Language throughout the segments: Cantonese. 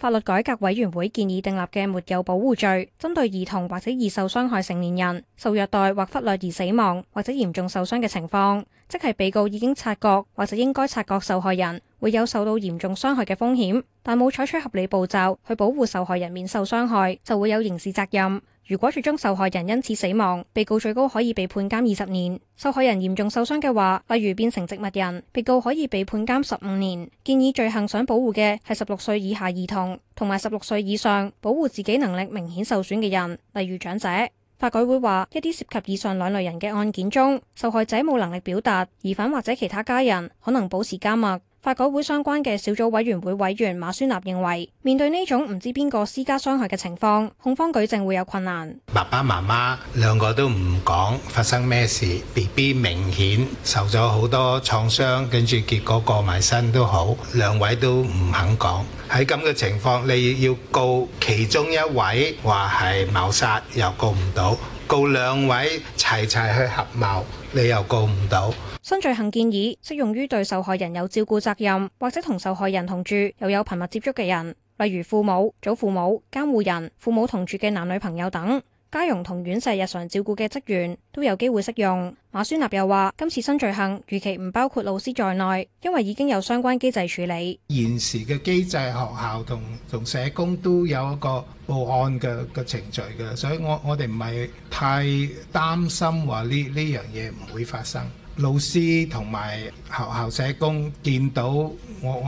法律改革委員會建議訂立嘅沒有保護罪，針對兒童或者易受傷害成年人受虐待或忽略而死亡或者嚴重受傷嘅情況，即係被告已經察覺或者應該察覺受害人會有受到嚴重傷害嘅風險，但冇採取合理步驟去保護受害人免受傷害，就會有刑事責任。如果最終受害人因此死亡，被告最高可以被判監二十年；受害人嚴重受傷嘅話，例如變成植物人，被告可以被判監十五年。建議罪行想保護嘅係十六歲以下兒童，同埋十六歲以上保護自己能力明顯受損嘅人，例如長者。法改會話一啲涉及以上兩類人嘅案件中，受害者冇能力表達，疑犯或者其他家人可能保持緘默。法改會相關嘅小組委員會委員馬宣立認為，面對呢種唔知邊個施加傷害嘅情況，控方舉證會有困難。爸爸媽媽兩個都唔講發生咩事，B B 明顯受咗好多創傷，跟住結果過埋身都好，兩位都唔肯講。喺咁嘅情況，你要告其中一位話係謀殺又告唔到，告兩位齊齊去合謀你又告唔到。新罪行建議適用於對受害人有照顧責任或者同受害人同住又有頻密接觸嘅人，例如父母、祖父母、監護人、父母同住嘅男女朋友等。家傭同院舍日常照顧嘅職員都有機會適用。馬孫立又話：今次新罪行預期唔包括老師在內，因為已經有相關機制處理。現時嘅機制，學校同同社工都有一個報案嘅嘅程序嘅，所以我我哋唔係太擔心話呢呢樣嘢唔會發生。老師同埋學校社工見到我，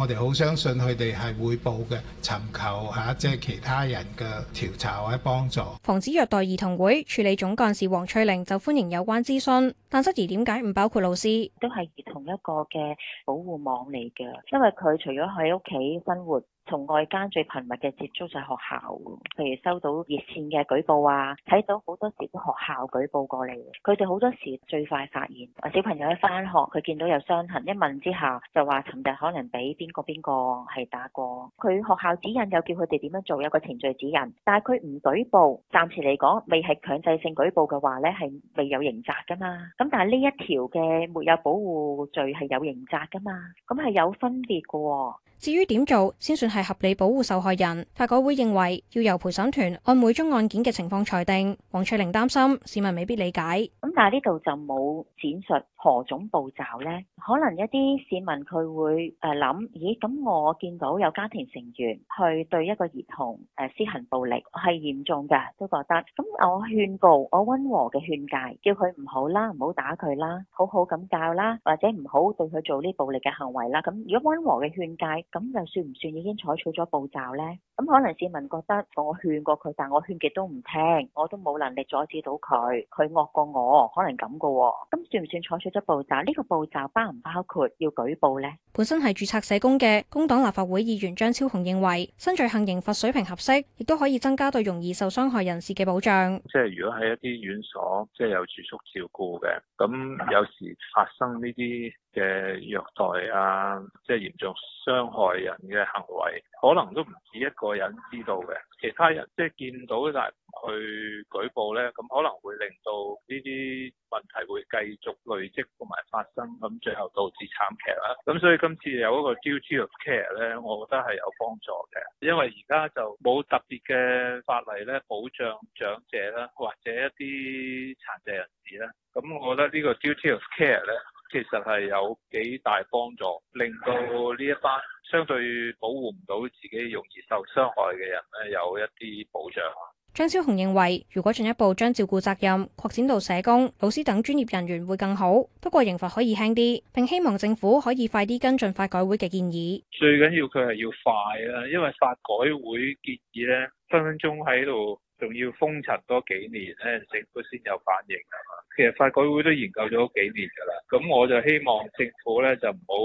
我哋好相信佢哋係會報嘅，尋求下即係其他人嘅調查或者幫助。防止虐待兒童會處理總幹事黃翠玲就歡迎有關諮詢，但質疑點解唔包括老師？都係兒童一個嘅保護網嚟嘅，因為佢除咗喺屋企生活。從外間最頻密嘅接觸就係學校，譬如收到熱線嘅舉報啊，睇到好多時都學校舉報過嚟，佢哋好多時最快發現，啊小朋友一翻學，佢見到有傷痕，一問之下就話尋日可能俾邊個邊個係打過，佢學校指引又叫佢哋點樣做，有個程序指引，但係佢唔舉報，暫時嚟講未係強制性舉報嘅話呢，係未有刑責噶嘛，咁但係呢一條嘅沒有保護罪係有刑責噶嘛，咁係有分別噶喎。至於點做先算係合理保護受害人，法改會認為要由陪審團按每宗案件嘅情況裁定。黃翠玲擔心市民未必理解，咁但係呢度就冇展述。何種步驟呢？可能一啲市民佢會誒諗、啊，咦咁我見到有家庭成員去對一個兒童誒施行暴力，係嚴重㗎，都覺得。咁我勸告，我温和嘅勸戒，叫佢唔好啦，唔好打佢啦，好好咁教啦，或者唔好對佢做呢暴力嘅行為啦。咁如果温和嘅勸戒，咁又算唔算已經採取咗步驟呢？咁可能市民覺得我勸過佢，但我勸極都唔聽，我都冇能力阻止到佢，佢惡過我，可能咁㗎喎。咁算唔算採取？出步驟，呢個步驟包唔包括要舉報呢？本身係註冊社工嘅工黨立法會議員張超雄認為，新罪行刑罰水平合適，亦都可以增加對容易受傷害人士嘅保障。即係如果喺一啲院所，即係有住宿照顧嘅，咁有時發生呢啲嘅虐待啊，即係嚴重傷害人嘅行為，可能都唔止一個人知道嘅，其他人即係見到就係唔去舉報咧，咁可能會令到呢啲問題會繼續累積同埋發生，咁最後導致慘劇啦。咁所以今次有嗰個 duty of care 咧，我覺得係有幫助嘅，因為而家就冇特別嘅法例咧保障長者啦，或者一啲殘疾人士啦。咁我覺得呢個 duty of care 咧。其實係有幾大幫助，令到呢一班相對保護唔到自己、容易受傷害嘅人咧，有一啲保障。張超雄認為，如果進一步將照顧責任擴展到社工、老師等專業人員會更好，不過刑罰可以輕啲，並希望政府可以快啲跟進法改會嘅建議。最緊要佢係要快啦，因為法改會建議呢分分鐘喺度。仲要封塵多幾年咧，政府先有反應啊嘛。其實法改會都研究咗幾年㗎啦。咁我就希望政府咧就唔好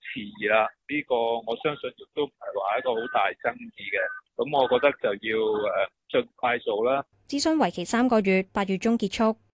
遲疑啦。呢、這個我相信亦都唔係話一個好大爭議嘅。咁我覺得就要誒、uh, 盡快做啦。諮詢為期三個月，八月中結束。